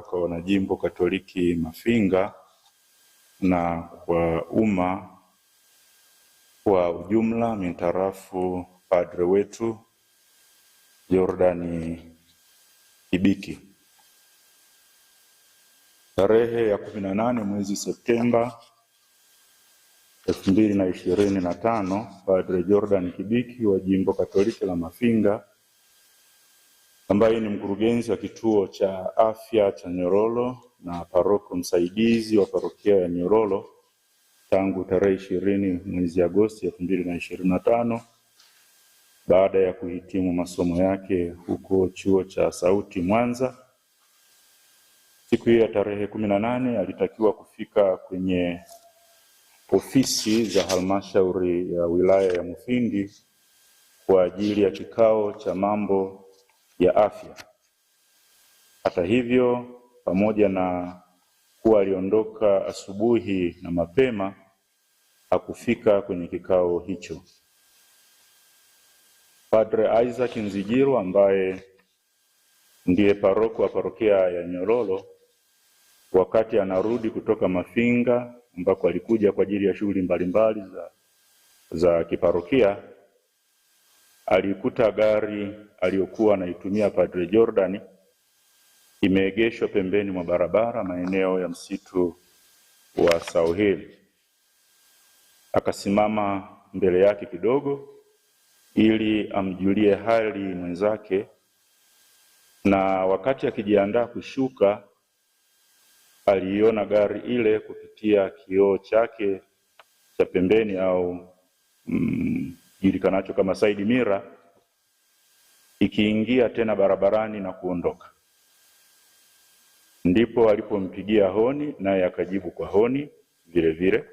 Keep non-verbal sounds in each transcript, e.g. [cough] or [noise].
kwa wanajimbo Katoliki Mafinga na kwa umma kwa ujumla, mintarafu padre wetu Jordani Kibiki. Tarehe ya kumi na nane mwezi Septemba elfu mbili na ishirini na tano Padre Jordan Kibiki wa jimbo Katoliki la Mafinga ambaye ni mkurugenzi wa kituo cha afya cha Nyororo na paroko msaidizi wa parokia ya Nyororo tangu tarehe ishirini mwezi Agosti elfu mbili na ishirini na tano baada ya kuhitimu masomo yake huko chuo cha Sauti Mwanza. Siku hiyo ya tarehe kumi na nane alitakiwa kufika kwenye ofisi za halmashauri ya wilaya ya Mufindi kwa ajili ya kikao cha mambo ya afya. Hata hivyo, pamoja na kuwa aliondoka asubuhi na mapema, hakufika kwenye kikao hicho. Padre Isaac Nzijiro ambaye ndiye paroko wa parokia ya Nyororo, wakati anarudi kutoka Mafinga ambako alikuja kwa ajili ya shughuli mbalimbali za, za kiparokia aliikuta gari aliyokuwa anaitumia Padre Jordan imeegeshwa pembeni mwa barabara maeneo ya msitu wa South Hill. Akasimama mbele yake kidogo ili amjulie hali mwenzake, na wakati akijiandaa kushuka aliiona gari ile kupitia kioo chake cha pembeni au mm, kijulikanacho kama saidi Mira ikiingia tena barabarani na kuondoka, ndipo alipompigia honi, naye akajibu kwa honi vile vile,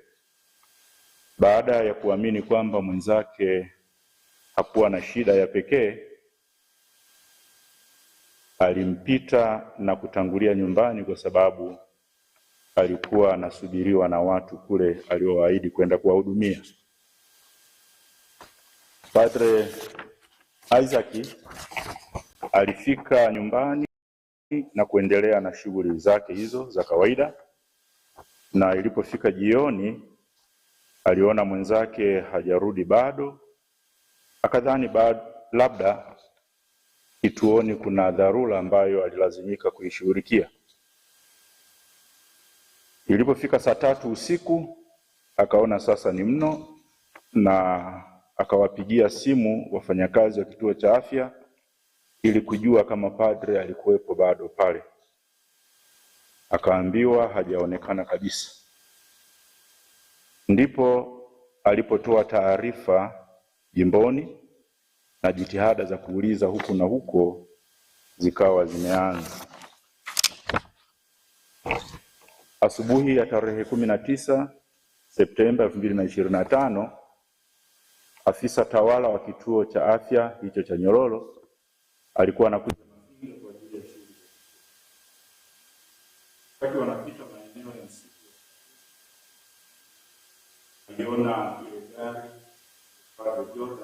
baada ya kuamini kwamba mwenzake hakuwa na shida ya pekee, alimpita na kutangulia nyumbani, kwa sababu alikuwa anasubiriwa na watu kule aliowaahidi kwenda kuwahudumia. Padre Isaac alifika nyumbani na kuendelea na shughuli zake hizo za kawaida, na ilipofika jioni aliona mwenzake hajarudi bado, akadhani bado, labda kituoni kuna dharura ambayo alilazimika kuishughulikia. Ilipofika saa tatu usiku akaona sasa ni mno na akawapigia simu wafanyakazi wa kituo cha afya ili kujua kama padre alikuwepo bado pale. Akaambiwa hajaonekana kabisa. Ndipo alipotoa taarifa jimboni na jitihada za kuuliza huku na huko zikawa zimeanza. Asubuhi ya tarehe kumi na tisa Septemba elfu mbili na ishirini na tano afisa tawala wa kituo cha afya hicho cha Nyororo alikuwa anakuja wanapita maeneo ya msitu, aliona ile gari vyote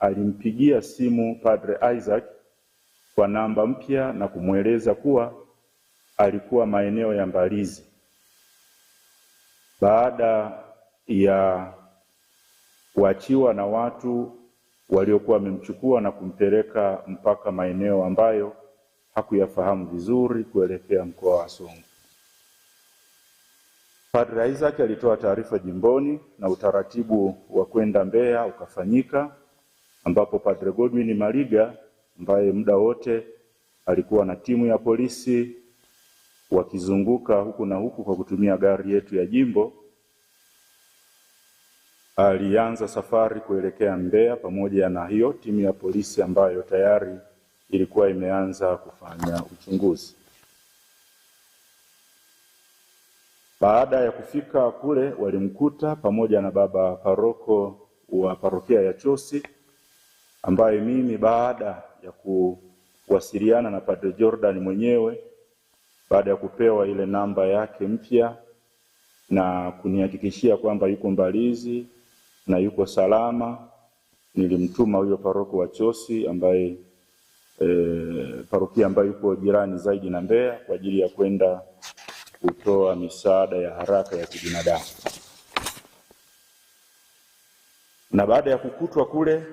alimpigia simu Padre Isaac kwa namba mpya na kumweleza kuwa alikuwa maeneo ya Mbalizi. Baada ya kuachiwa na watu waliokuwa wamemchukua na kumpeleka mpaka maeneo ambayo hakuyafahamu vizuri kuelekea mkoa wa Songwe. Padre Isaac alitoa taarifa jimboni na utaratibu wa kwenda Mbeya ukafanyika ambapo Padre Godwin Maliga ambaye muda wote alikuwa na timu ya polisi wakizunguka huku na huku kwa kutumia gari yetu ya jimbo, alianza safari kuelekea Mbeya pamoja na hiyo timu ya polisi ambayo tayari ilikuwa imeanza kufanya uchunguzi. Baada ya kufika kule, walimkuta pamoja na baba paroko wa parokia ya Chosi ambaye mimi baada ya kuwasiliana na Padre Jordan mwenyewe baada ya kupewa ile namba yake mpya na kunihakikishia kwamba yuko Mbalizi na yuko salama, nilimtuma huyo paroko wa Chosi ambaye e, parokia ambayo yuko jirani zaidi na Mbeya kwa ajili ya kwenda kutoa misaada ya haraka ya kibinadamu. Na baada ya kukutwa kule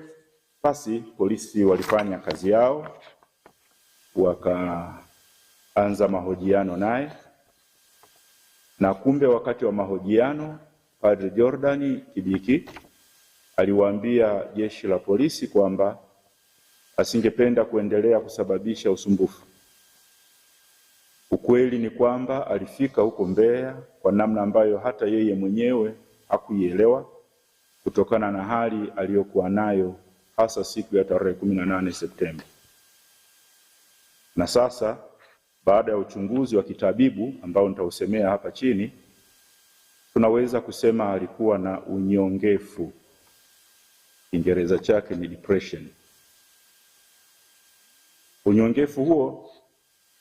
basi polisi walifanya kazi yao, wakaanza mahojiano naye, na kumbe wakati wa mahojiano Padre Jordan Kibiki aliwaambia jeshi la polisi kwamba asingependa kuendelea kusababisha usumbufu. Ukweli ni kwamba alifika huko Mbeya kwa namna ambayo hata yeye mwenyewe hakuielewa kutokana na hali aliyokuwa nayo hasa siku ya tarehe kumi na nane Septemba. Na sasa baada ya uchunguzi wa kitabibu ambao nitausemea hapa chini, tunaweza kusema alikuwa na unyongefu, Kiingereza chake ni depression. Unyongefu huo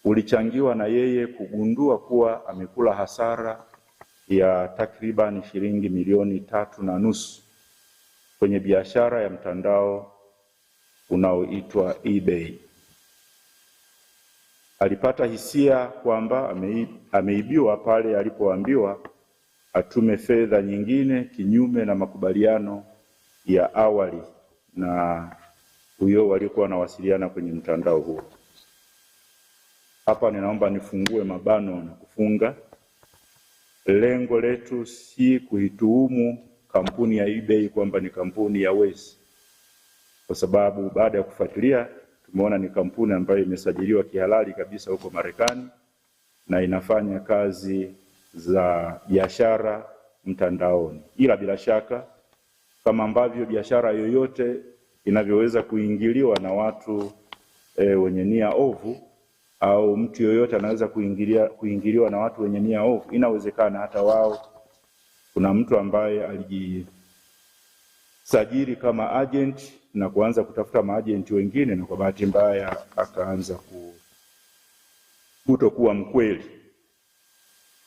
ulichangiwa na yeye kugundua kuwa amekula hasara ya takriban shilingi milioni tatu na nusu kwenye biashara ya mtandao unaoitwa eBay. Alipata hisia kwamba ameibiwa pale alipoambiwa atume fedha nyingine kinyume na makubaliano ya awali na huyo waliokuwa wanawasiliana kwenye mtandao huo. Hapa ninaomba nifungue mabano na kufunga. Lengo letu si kuituhumu kampuni ya eBay kwamba ni kampuni ya Waze, kwa sababu baada ya kufuatilia tumeona ni kampuni ambayo imesajiliwa kihalali kabisa huko Marekani na inafanya kazi za biashara mtandaoni, ila bila shaka kama ambavyo biashara yoyote inavyoweza kuingiliwa na watu e, wenye nia ovu au mtu yoyote anaweza kuingilia, kuingiliwa na watu wenye nia ovu, inawezekana hata wao kuna mtu ambaye alijisajili kama agent na kuanza kutafuta maajenti wengine, na kwa bahati mbaya akaanza kutokuwa mkweli.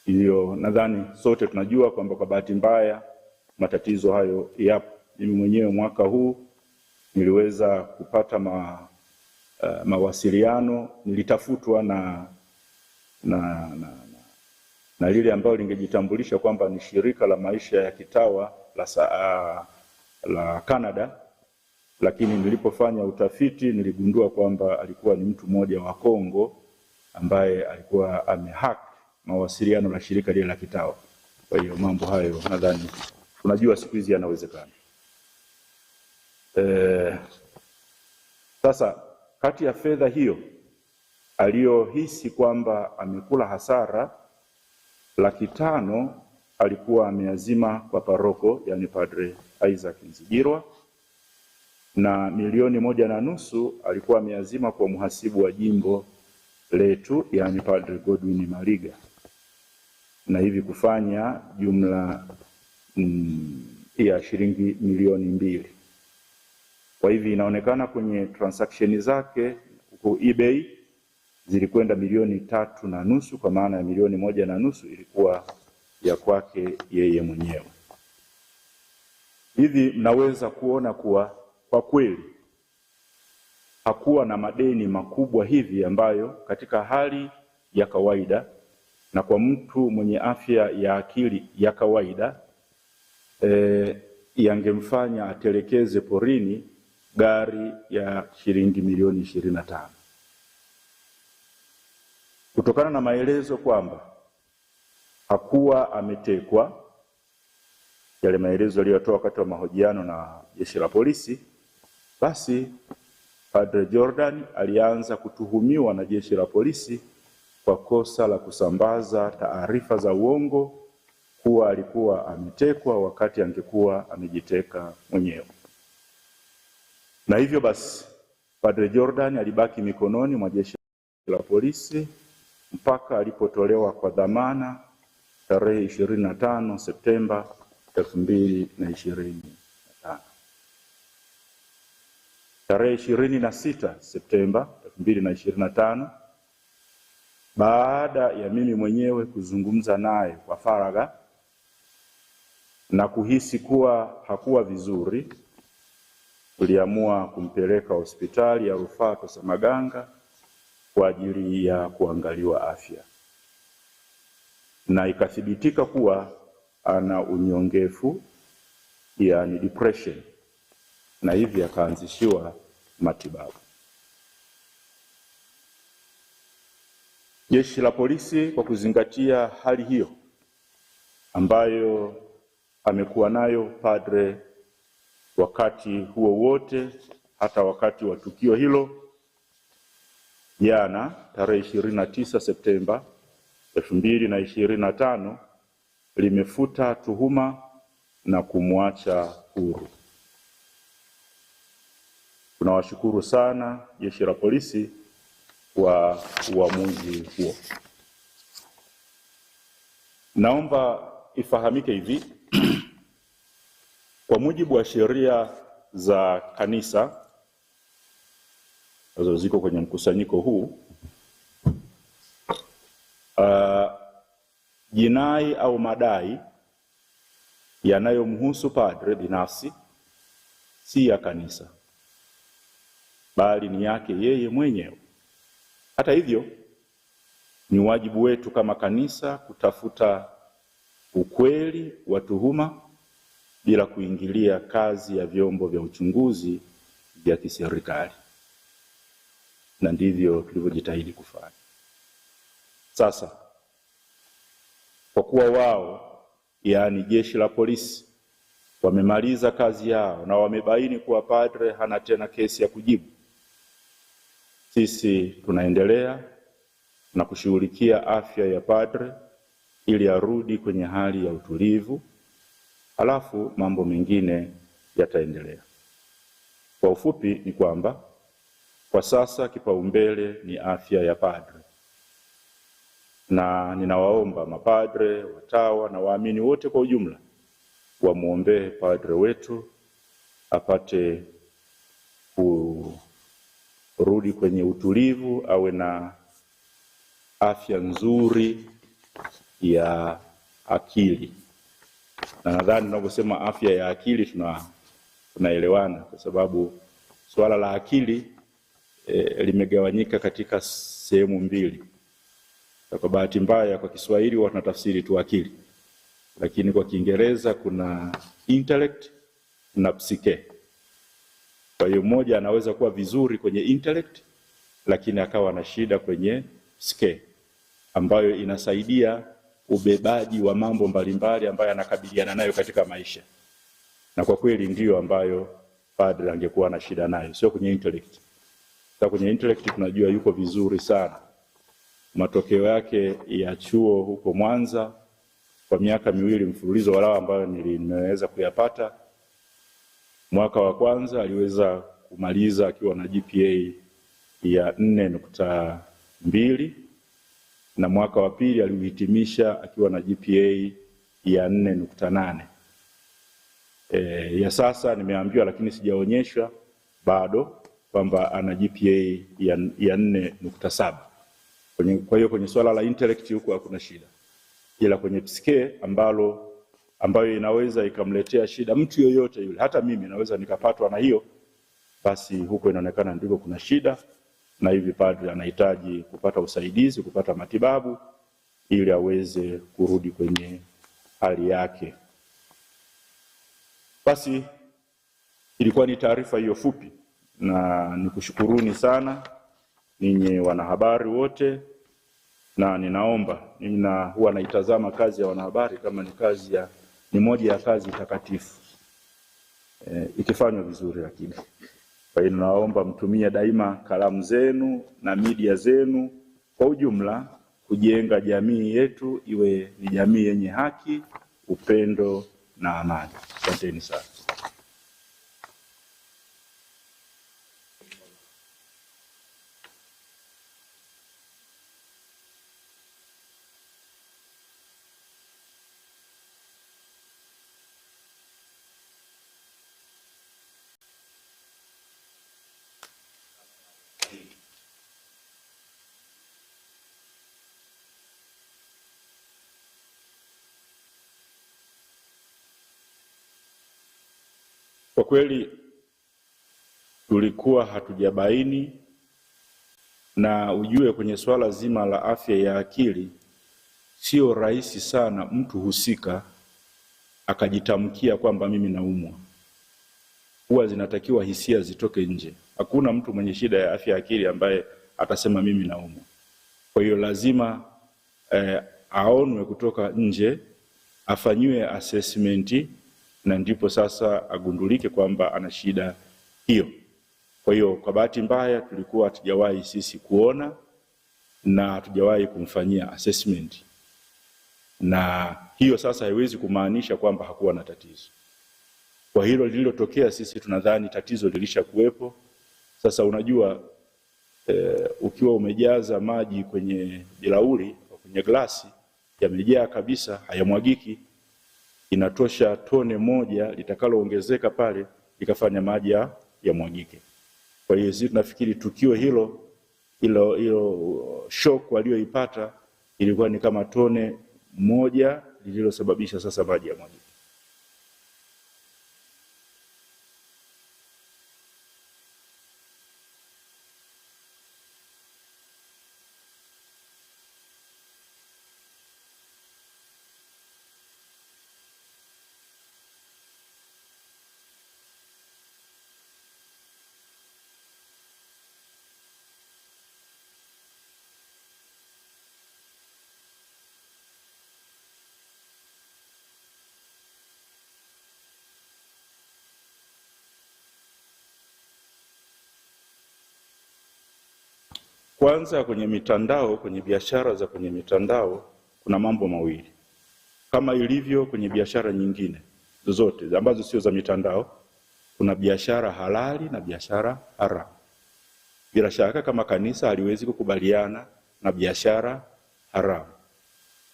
Hiyo nadhani sote tunajua kwamba kwa bahati mbaya matatizo hayo yapo. Mimi mwenyewe mwaka huu niliweza kupata ma, uh, mawasiliano nilitafutwa na, na, na na lile ambalo lingejitambulisha kwamba ni shirika la maisha ya kitawa la, saa, la Canada, lakini nilipofanya utafiti niligundua kwamba alikuwa ni mtu mmoja wa Kongo ambaye alikuwa amehack mawasiliano la shirika lile la kitawa. Kwa hiyo mambo hayo nadhani unajua siku hizi yanawezekana. Eh, sasa kati ya fedha hiyo aliyohisi kwamba amekula hasara laki tano alikuwa ameazima kwa paroko, yani Padre Isaac Nzigirwa, na milioni moja na nusu alikuwa ameazima kwa mhasibu wa jimbo letu, yani Padre Godwin Maliga, na hivi kufanya jumla mm, ya shilingi milioni mbili. Kwa hivi inaonekana kwenye transaction zake huko eBay zilikwenda milioni tatu na nusu kwa maana ya milioni moja na nusu ilikuwa ya kwake yeye mwenyewe. Hivi mnaweza kuona kuwa kwa kweli hakuwa na madeni makubwa hivi ambayo katika hali ya kawaida na kwa mtu mwenye afya ya akili ya kawaida e, yangemfanya atelekeze porini gari ya shilingi milioni ishirini na tano kutokana na maelezo kwamba hakuwa ametekwa, yale maelezo aliyotoa wakati wa mahojiano na jeshi la polisi, basi Padre Jordan alianza kutuhumiwa na jeshi la polisi kwa kosa la kusambaza taarifa za uongo kuwa alikuwa ametekwa wakati angekuwa amejiteka mwenyewe. Na hivyo basi Padre Jordan alibaki mikononi mwa jeshi la polisi mpaka alipotolewa kwa dhamana tarehe ishirini na tano Septemba elfu ishirini na Tarehe 26 sita Septemba 2025, baada ya mimi mwenyewe kuzungumza naye kwa faragha na kuhisi kuwa hakuwa vizuri, tuliamua kumpeleka hospitali ya rufaa Tosamaganga kwa ajili ya kuangaliwa afya na ikathibitika kuwa ana unyongefu yani depression, na hivi akaanzishiwa matibabu. Jeshi la polisi kwa kuzingatia hali hiyo ambayo amekuwa nayo padre wakati huo wote, hata wakati wa tukio hilo jana tarehe ishirini na tisa Septemba elfu mbili na ishirini na tano limefuta tuhuma na kumwacha huru. Tunawashukuru sana jeshi la polisi kwa uamuzi huo. Naomba ifahamike hivi [clears throat] kwa mujibu wa sheria za kanisa ambazo ziko kwenye mkusanyiko huu uh, jinai au madai yanayomhusu padre binafsi si ya kanisa, bali ni yake yeye mwenyewe. Hata hivyo, ni wajibu wetu kama kanisa kutafuta ukweli wa tuhuma bila kuingilia kazi ya vyombo vya uchunguzi vya kiserikali na ndivyo tulivyojitahidi kufanya. Sasa kwa kuwa wao, yaani jeshi la polisi, wamemaliza kazi yao na wamebaini kuwa padre hana tena kesi ya kujibu, sisi tunaendelea na kushughulikia afya ya padre ili arudi kwenye hali ya utulivu, halafu mambo mengine yataendelea. Kwa ufupi ni kwamba kwa sasa kipaumbele ni afya ya padre, na ninawaomba mapadre, watawa na waamini wote kwa ujumla wamwombee padre wetu apate kurudi kwenye utulivu, awe na afya nzuri ya akili. Na nadhani tunavyosema afya ya akili tunaelewana, tuna kwa sababu suala la akili e, limegawanyika katika sehemu mbili. Kwa bahati mbaya, kwa Kiswahili wana tafsiri tu akili, lakini kwa Kiingereza kuna intellect na psyche. Kwa hiyo mmoja anaweza kuwa vizuri kwenye intellect, lakini akawa na shida kwenye psyche ambayo inasaidia ubebaji wa mambo mbalimbali ambayo anakabiliana nayo katika maisha, na kwa kweli ndiyo ambayo padre angekuwa na shida nayo, sio kwenye intellect. Sasa kwenye intellect tunajua yuko vizuri sana. Matokeo yake ya chuo huko Mwanza kwa miaka miwili mfululizo walao ambayo nimeweza kuyapata, mwaka wa kwanza aliweza kumaliza akiwa na GPA ya nne nukta mbili na mwaka wa pili aliuhitimisha akiwa na GPA ya nne nukta nane. E, ya sasa nimeambiwa lakini sijaonyeshwa bado kwamba ana GPA ya 4.7. nukta saba. Kwa hiyo kwenye swala la intellect huko hakuna shida, ila kwenye psike ambalo ambayo inaweza ikamletea shida mtu yoyote yule, hata mimi naweza nikapatwa na hiyo, basi huko inaonekana ndiko kuna shida, na hivi padri anahitaji kupata usaidizi, kupata matibabu ili aweze kurudi kwenye hali yake. Basi ilikuwa ni taarifa hiyo fupi na nikushukuruni sana ninyi wanahabari wote, na ninaomba nina, huwa naitazama kazi ya wanahabari kama ni kazi ya ni moja ya kazi takatifu e, ikifanywa vizuri. Lakini kwa hiyo naomba mtumie daima kalamu zenu na media zenu kwa ujumla kujenga jamii yetu iwe ni jamii yenye haki, upendo na amani. Asanteni sana. Kwa kweli tulikuwa hatujabaini, na ujue kwenye swala zima la afya ya akili sio rahisi sana mtu husika akajitamkia kwamba mimi naumwa. Huwa zinatakiwa hisia zitoke nje. Hakuna mtu mwenye shida ya afya ya akili ambaye atasema mimi naumwa. Kwa hiyo lazima eh, aonwe kutoka nje, afanyiwe assessment na ndipo sasa agundulike kwamba ana shida hiyo. Kwa hiyo kwa bahati mbaya tulikuwa hatujawahi sisi kuona na hatujawahi kumfanyia assessment, na hiyo sasa haiwezi kumaanisha kwamba hakuwa na tatizo. Kwa hilo lililotokea, sisi tunadhani tatizo lilishakuwepo. Sasa unajua eh, ukiwa umejaza maji kwenye bilauri au kwenye glasi yamejaa kabisa, hayamwagiki inatosha tone moja litakaloongezeka pale likafanya maji yamwagike. Kwa hiyo sisi tunafikiri tukio hilo hilo hilo uh, shock walioipata ilikuwa ni kama tone moja lililosababisha sasa maji yamwagike. Kwanza kwenye mitandao, kwenye biashara za kwenye mitandao kuna mambo mawili, kama ilivyo kwenye biashara nyingine zozote ambazo sio za mitandao. Kuna biashara halali na biashara haramu. Bila shaka kama kanisa haliwezi kukubaliana na biashara haramu,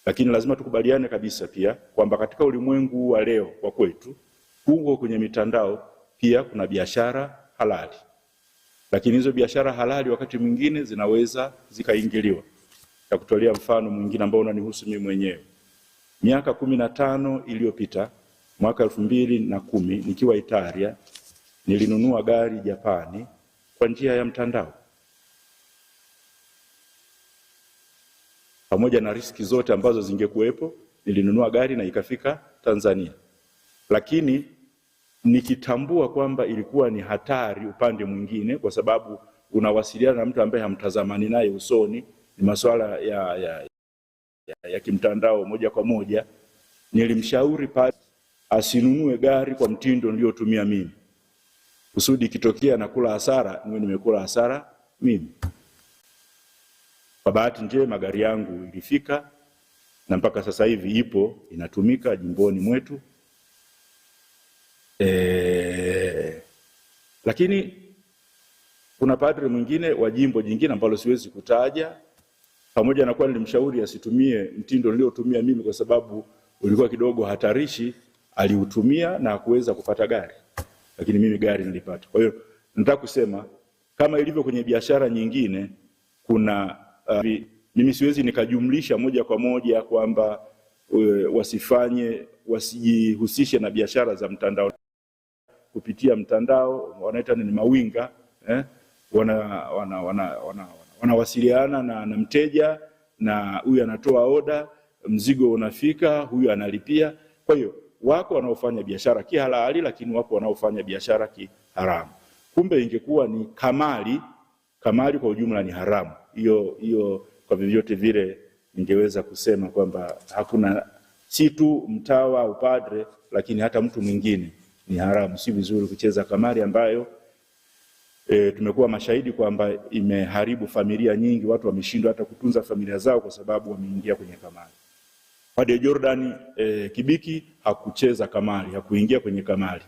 lakini lazima tukubaliane kabisa pia kwamba katika ulimwengu wa leo wa kwetu huko kwenye mitandao pia kuna biashara halali lakini hizo biashara halali wakati mwingine zinaweza zikaingiliwa. Ya kutolea mfano mwingine ambao unanihusu mimi mwenyewe, miaka kumi na tano iliyopita, mwaka elfu mbili na kumi nikiwa Italia, nilinunua gari Japani kwa njia ya mtandao, pamoja na riski zote ambazo zingekuwepo. Nilinunua gari na ikafika Tanzania, lakini nikitambua kwamba ilikuwa ni hatari upande mwingine, kwa sababu unawasiliana na mtu ambaye hamtazamani naye usoni, ni masuala ya, ya, ya, ya kimtandao moja kwa moja. Nilimshauri pale asinunue gari kwa mtindo niliotumia mimi, kusudi ikitokea na kula hasara niwe nimekula hasara mimi. Kwa bahati njema gari yangu ilifika na mpaka sasa hivi ipo inatumika jimboni mwetu e, lakini kuna padri mwingine wa jimbo jingine ambalo siwezi kutaja, pamoja na kuwa nilimshauri asitumie mtindo niliotumia mimi kwa sababu ulikuwa kidogo hatarishi, aliutumia na kuweza kupata gari, lakini mimi gari nilipata. Kwa hiyo nataka kusema kama ilivyo kwenye biashara nyingine, kuna uh, mimi siwezi nikajumlisha moja kwa moja kwamba uh, wasifanye wasijihusishe na biashara za mtandao kupitia mtandao wanaita ni mawinga eh, wanawasiliana wana, wana, wana, wana na, na mteja na huyu anatoa oda, mzigo unafika, huyu analipia. Kwa hiyo wako wanaofanya biashara kihalali, lakini wako wanaofanya biashara kiharamu. Kumbe ingekuwa ni kamali, kamali kwa ujumla ni haramu. Hiyo hiyo kwa vyovyote vile ningeweza kusema kwamba hakuna si tu mtawa padre, lakini hata mtu mwingine ni haramu, si vizuri kucheza kamari ambayo e, tumekuwa mashahidi kwamba imeharibu familia nyingi. Watu wameshindwa hata kutunza familia zao kwa sababu wameingia kwenye kamari. Padre Jordan e, Kibiki hakucheza kamari, hakuingia kwenye kamari,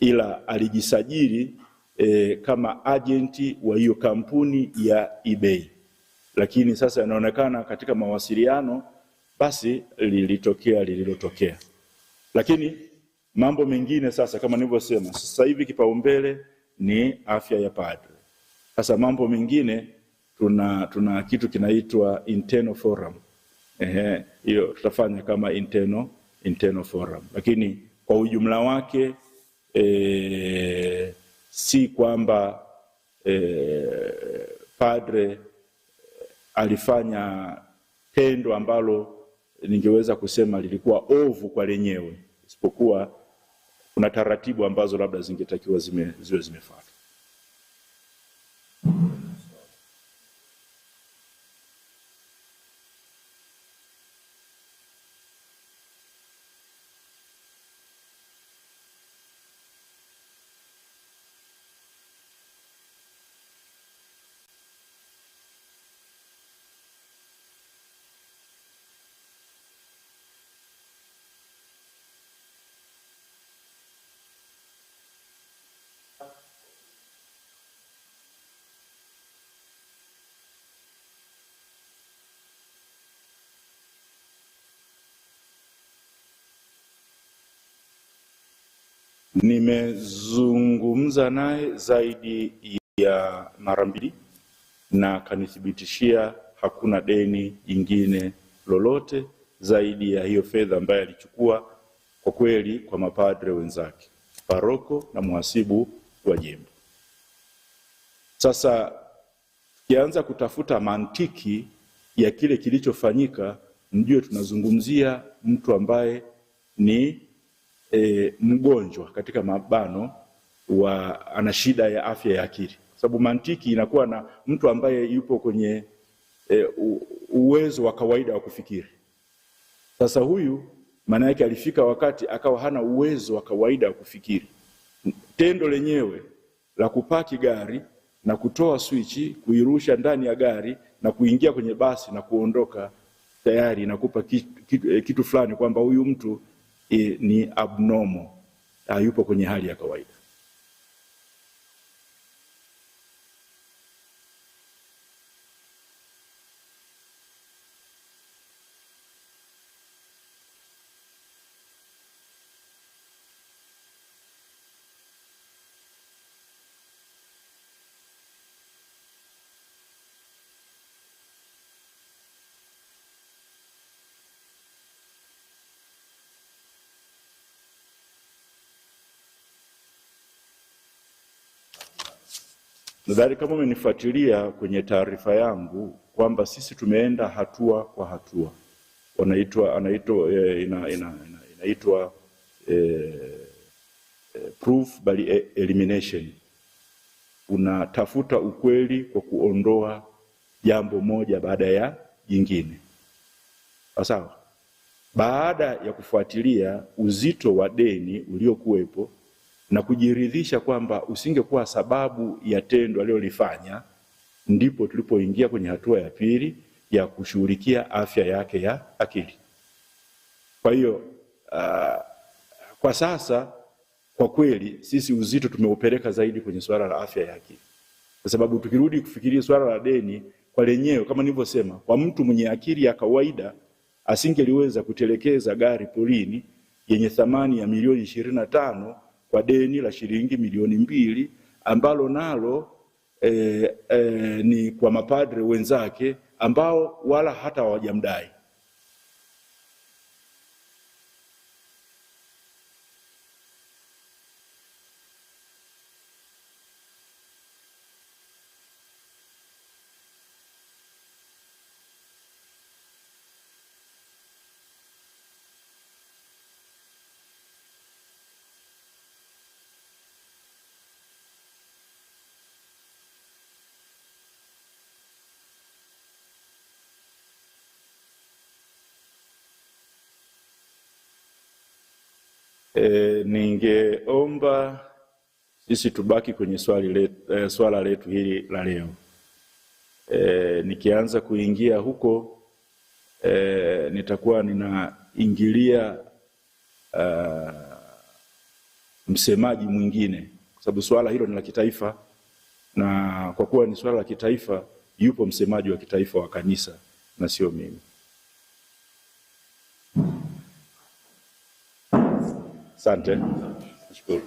ila alijisajili e, kama ajenti wa hiyo kampuni ya eBay, lakini sasa inaonekana katika mawasiliano basi lilitokea lililotokea, lakini Mambo mengine sasa, kama nilivyosema, sasa hivi kipaumbele ni afya ya padre. Sasa mambo mengine tuna, tuna kitu kinaitwa internal forum. Ehe, hiyo tutafanya kama internal, internal forum, lakini kwa ujumla wake e, si kwamba e, padre e, alifanya tendo ambalo ningeweza kusema lilikuwa ovu kwa lenyewe, isipokuwa kuna taratibu ambazo labda zingetakiwa zime, ziwe zimefuatwa. Nimezungumza naye zaidi ya mara mbili na akanithibitishia hakuna deni jingine lolote zaidi ya hiyo fedha ambayo alichukua kwa kweli kwa mapadre wenzake, paroko na mhasibu wa jimbo. Sasa tukianza kutafuta mantiki ya kile kilichofanyika, mjue tunazungumzia mtu ambaye ni e, mgonjwa katika mabano wa ana shida ya afya ya akili, kwa sababu mantiki inakuwa na mtu ambaye yupo kwenye e, uwezo wa kawaida wa kufikiri. Sasa huyu maana yake alifika wakati akawa hana uwezo wa kawaida wa kufikiri. Tendo lenyewe la kupaki gari na kutoa swichi, kuirusha ndani ya gari na kuingia kwenye basi na kuondoka, tayari inakupa kitu, kitu, e, kitu fulani kwamba huyu mtu ni abnormal, hayupo kwenye hali ya kawaida. Nadhani kama umenifuatilia kwenye taarifa yangu kwamba sisi tumeenda hatua kwa hatua, wanaitwa anaitwa e, ina, ina, ina, inaitwa e, proof by elimination. Unatafuta ukweli kwa kuondoa jambo moja baada ya jingine, sawa. Baada ya kufuatilia uzito wa deni uliokuwepo na kujiridhisha kwamba usingekuwa sababu ya tendo alilolifanya, ndipo tulipoingia kwenye hatua ya pili ya kushughulikia afya yake ya akili. Kwa hiyo uh, kwa sasa kwa kweli sisi uzito tumeupeleka zaidi kwenye suala la afya ya akili, kwa sababu tukirudi kufikiria suala la deni kwa lenyewe, kama nilivyosema, kwa mtu mwenye akili ya kawaida asingeliweza kutelekeza gari polini yenye thamani ya milioni ishirini na tano kwa deni la shilingi milioni mbili ambalo nalo eh, eh, ni kwa mapadre wenzake ambao wala hata hawajamdai. E, ningeomba sisi tubaki kwenye swali e, swala letu hili la leo. E, nikianza kuingia huko e, nitakuwa ninaingilia uh, msemaji mwingine kwa sababu swala hilo ni la kitaifa, na kwa kuwa ni swala la kitaifa, yupo msemaji wa kitaifa wa kanisa na sio mimi. Asante, nashukuru.